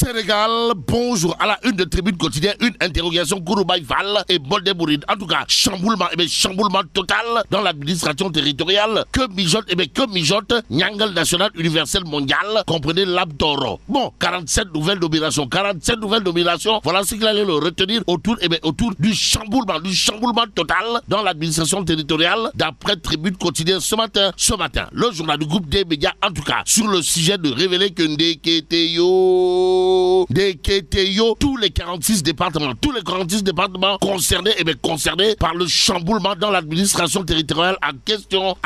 Sénégal, bonjour. À la une de tribune quotidienne, une interrogation Gouroubaïval et Boldebourine. En tout cas, chamboulement, et eh bien chamboulement total dans l'administration territoriale. Que mijote, et eh bien que mijote, Nyangal National Universel Mondial, comprenez l'Abdoro. Bon, 47 nouvelles nominations, 47 nouvelles nominations. Voilà ce qu'il allait le retenir autour, et eh bien autour du chamboulement, du chamboulement total dans l'administration territoriale, d'après tribune quotidienne ce matin. Ce matin, le journal du groupe des médias, en tout cas, sur le sujet de révéler que Ndeketeyo des tous les 46 départements, tous les 46 départements concernés, et eh bien concernés par le chamboulement dans l'administration territoriale à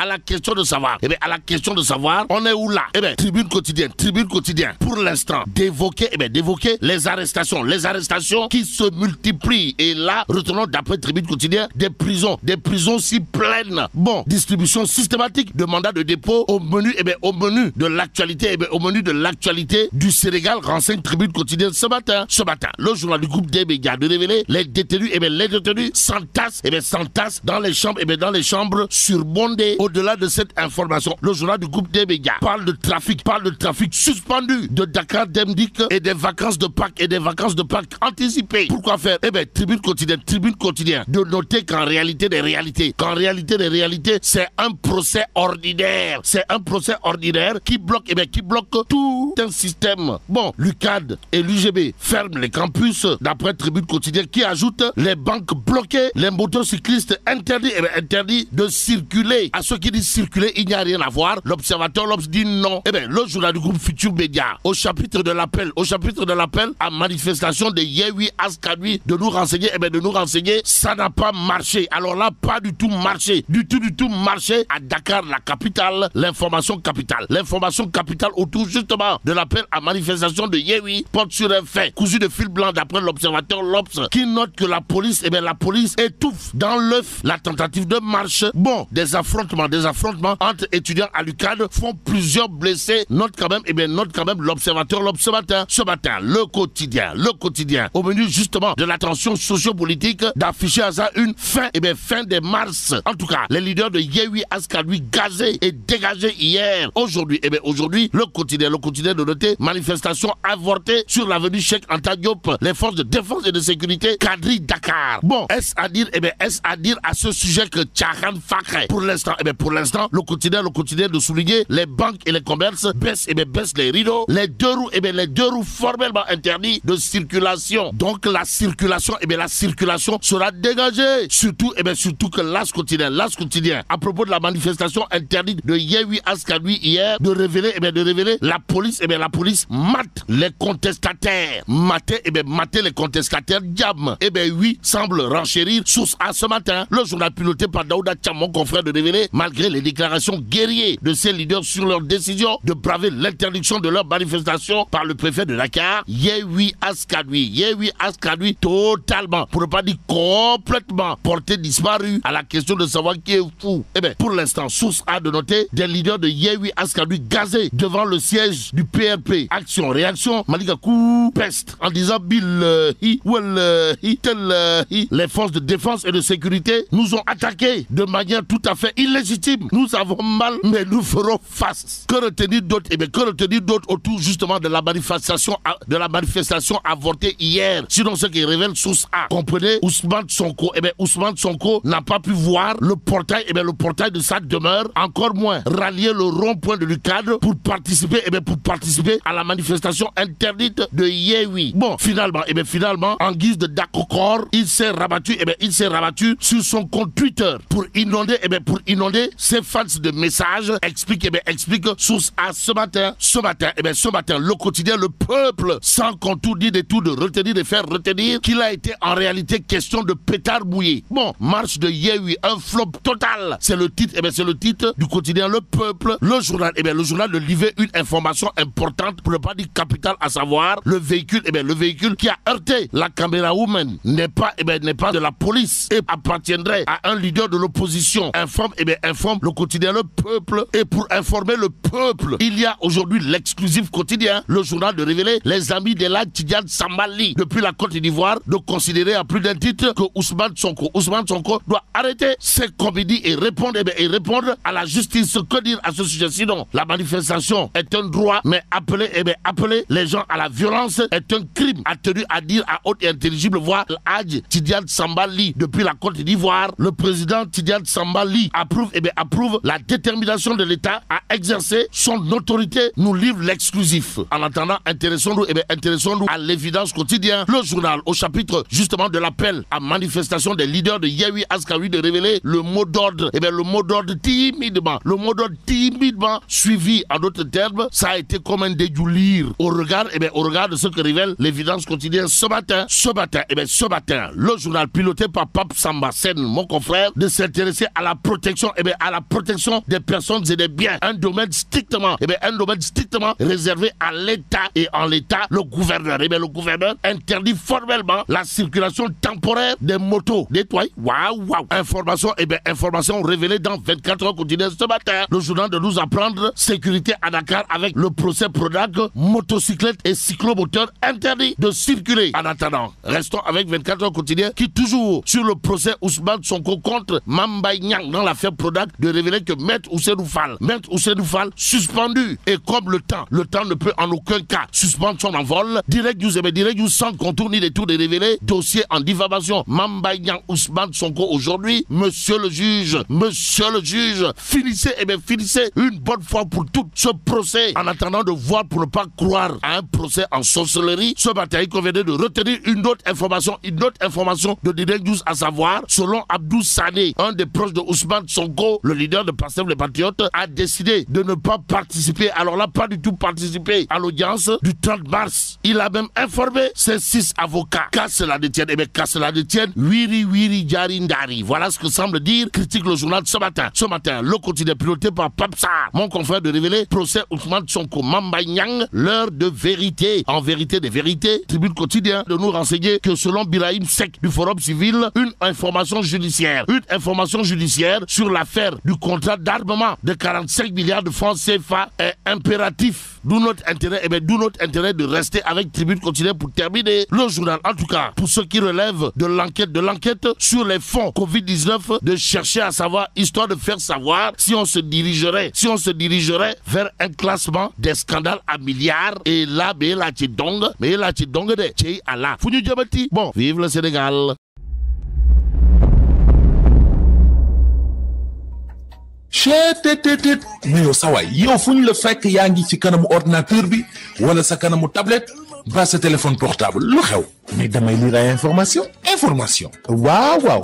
la question de savoir, et eh bien à la question de savoir, on est où là Eh bien, tribune quotidienne, tribune quotidienne, pour l'instant, d'évoquer, eh bien d'évoquer les arrestations, les arrestations qui se multiplient. Et là, retournons d'après tribune quotidienne, des prisons, des prisons si pleines. Bon, distribution systématique de mandats de dépôt au menu, eh bien au menu de l'actualité, eh bien au menu de l'actualité du Sénégal renseigne tribune quotidienne ce matin. Ce matin, le journal du groupe des médias de révéler les détenus, et eh bien les détenus s'entassent, et eh bien s'entassent dans les chambres, et eh bien dans les chambres surbondées. Au-delà de cette information, le journal du groupe des médias parle de trafic, parle de trafic suspendu de Dakar, d'Emdic et des vacances de Pâques et des vacances de Pâques anticipées. Pourquoi faire Et bien, tribune quotidienne, tribune quotidienne, de noter qu'en réalité des réalités, qu'en réalité des réalités, c'est un procès ordinaire. C'est un procès ordinaire qui bloque, et bien qui bloque tout un système. Bon, Lucas et l'UGB ferme les campus, d'après Tribune Quotidienne qui ajoute les banques bloquées, les motocyclistes interdits, et eh de circuler. À ceux qui disent circuler, il n'y a rien à voir. L'observateur l'Obs dit non. Eh bien, le journal du groupe Futur Média, au chapitre de l'appel, au chapitre de l'appel à manifestation de Yehui Askanui, de nous renseigner, eh bien, de nous renseigner, ça n'a pas marché. Alors là, pas du tout marché. Du tout, du tout marché à Dakar, la capitale, l'information capitale. L'information capitale autour justement de l'appel à manifestation de Yehui porte sur un fait cousu de fil blanc d'après l'observateur Lobs qui note que la police, et eh bien, la police étouffe dans l'œuf la tentative de marche. Bon, des affrontements, des affrontements entre étudiants à l'UCAD font plusieurs blessés. Note quand même, et eh bien, note quand même l'observateur Lops ce matin. Ce matin, le quotidien, le quotidien, au menu justement de l'attention sociopolitique, d'afficher à ça une fin, et eh bien, fin des mars. En tout cas, les leaders de Yehui lui gazé et dégagé hier. Aujourd'hui, et bien, aujourd'hui, le quotidien, le quotidien de noter manifestation avortée sur l'avenue Cheikh Anta Diop les forces de défense et de sécurité Kadri Dakar. Bon, est-ce à dire, eh bien, est-ce à dire à ce sujet que Tchahan Fakre, pour l'instant, eh bien, pour l'instant, le quotidien, le quotidien de souligner, les banques et les commerces baissent, eh bien, baissent les rideaux, les deux roues, eh bien, les deux roues formellement interdites de circulation. Donc, la circulation, eh bien, la circulation sera dégagée. Surtout, eh bien, surtout que l'as quotidien, l'as quotidien, à propos de la manifestation interdite de Yehui Askadui hier, de révéler, eh bien, de révéler la police, eh bien, la police mate les contestataires. Maté et eh bien, maté les contestataires, diable. Et eh bien, oui, semble renchérir source A ce matin. Le journal piloté par Daouda Tcham, mon confrère de révéler, malgré les déclarations guerriers de ces leaders sur leur décision de braver l'interdiction de leur manifestation par le préfet de Dakar, Yehui Askadui. Yehui Askadoui, totalement, pour ne pas dire complètement, porté disparu à la question de savoir qui est fou. Et eh bien, pour l'instant, source a de noter des leaders de Yehui Askadui gazés devant le siège du PRP. Action, réaction, Malgré coup peste en disant Bill, euh, euh, euh, les forces de défense et de sécurité nous ont attaqués de manière tout à fait illégitime. Nous avons mal, mais nous ferons face. Que retenir d'autres eh que d'autres autour justement de la manifestation, de la manifestation avortée hier. Sinon, ce qui révèle source A. Comprenez Ousmane Sonko. et eh bien, Ousmane Sonko n'a pas pu voir le portail. et eh bien, le portail de sa demeure, encore moins rallier le rond-point de l'UCAD pour participer. Eh bien, pour participer à la manifestation interne de Yehui. Bon, finalement, et eh bien finalement, en guise de d'accord, il s'est rabattu, et eh bien il s'est rabattu sur son compte Twitter pour inonder, et eh bien pour inonder ses fans de messages. Explique, et bien explique source à ce matin, ce matin, et bien ce matin, le quotidien, le peuple, sans qu'on tout dit des tout de retenir, de faire retenir, qu'il a été en réalité question de pétard mouillé. Bon, marche de Yehui, un flop total. C'est le titre, et bien c'est le titre du quotidien Le Peuple, le journal, et bien le journal de livrer une information importante pour ne pas dire capitale à savoir le véhicule, et eh bien, le véhicule qui a heurté la caméra woman n'est pas, et eh n'est pas de la police et appartiendrait à un leader de l'opposition. Informe, eh bien, informe le quotidien Le Peuple. Et pour informer le peuple, il y a aujourd'hui l'exclusif quotidien, le journal de révéler les amis de la Tidiane Samali depuis la Côte d'Ivoire de considérer à plus d'un titre que Ousmane Sonko, Ousmane Sonko doit arrêter ses comédies et répondre, et répondre à la justice. Que dire à ce sujet Sinon, la manifestation est un droit, mais appeler, et bien, appeler les gens à la violence est un crime, a tenu à dire à haute et intelligible voix l'Hadj Tidiane Sambali. Depuis la Côte d'Ivoire, le président Tidiane Sambali approuve, et eh approuve la détermination de l'État à exercer son autorité, nous livre l'exclusif. En attendant, eh intéressons-nous, à l'évidence quotidienne. Le journal, au chapitre justement de l'appel à manifestation des leaders de Yehui Askawi de révéler le mot d'ordre, et eh le mot d'ordre timidement, le mot d'ordre timidement suivi, en d'autres termes, ça a été comme un lire au regard eh bien, au regard de ce que révèle l'évidence quotidienne ce matin, ce matin, eh bien, ce matin, le journal piloté par Pape Samba Sen, mon confrère, de s'intéresser à la protection, eh bien, à la protection des personnes et des biens. Un domaine strictement, eh bien, un domaine strictement réservé à l'État et en l'État, le gouverneur. Eh bien, le gouverneur interdit formellement la circulation temporaire des motos. nettoyées, Waouh, waouh. Information, eh bien, information révélée dans 24 heures quotidiennes ce matin. Le journal de nous apprendre sécurité à Dakar avec le procès Prodac, motocyclette et cyclomoteurs interdit de circuler. En attendant, restons avec 24 heures quotidien qui toujours sur le procès Ousmane Sonko contre Mambay Nyang dans l'affaire Prodac de révéler que Maître Ousseinou Fall, Maître Ousseinou Fall suspendu et comme le temps, le temps ne peut en aucun cas suspendre son envol. Direct News, eh Direct nous sans contourner ni tours de révéler dossier en diffamation. Mambay Nyang Ousmane Sonko aujourd'hui, monsieur le juge, monsieur le juge, finissez et eh bien finissez une bonne fois pour tout ce procès en attendant de voir pour ne pas croire à un procès en sorcellerie. Ce matin, il convenait de retenir une autre information, une autre information de Direct News, à savoir, selon Abdou Sané, un des proches de Ousmane Sonko, le leader de Pastef les Patriotes, a décidé de ne pas participer, alors là, pas du tout participer à l'audience du 30 mars. Il a même informé ses six avocats. Qu'à cela détienne, Eh bien qu'à cela détienne, Wiri Wiri Jarindari. Voilà ce que semble dire critique le journal ce matin. Ce matin, le quotidien piloté par Papsar, mon confrère de révéler, procès Ousmane Sonko Mamba Nyang, l'heure de vérité en vérité des vérités. Tribune quotidien de nous renseigner que selon Birahim Sek du Forum civil, une information judiciaire, une information judiciaire sur l'affaire du contrat d'armement de 45 milliards de francs CFA est impératif. D'où notre intérêt, et eh bien d'où notre intérêt de rester avec Tribune Continuée pour terminer le journal. En tout cas, pour ce qui relève de l'enquête, de l'enquête sur les fonds Covid-19, de chercher à savoir, histoire de faire savoir si on se dirigerait, si on se dirigerait vers un classement des scandales à milliards. Et là, mais là, tu donc, mais là, tu donc de Allah. Bon, vive le Sénégal. chettt mais yow sawaay yow fu ñu la fekk yaa ngi ci kanamu ordinateur bi wala sa kanamu tablette ba sa téléphone portable lu xew mais damay lire ay information information waaw waaw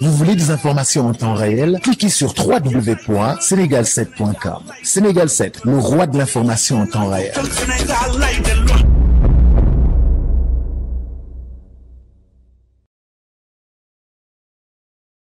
vous voulez des informations en temps réel Cliquez sur wwwsenegal 7com Sénégal 7, le roi de l'information en temps réel.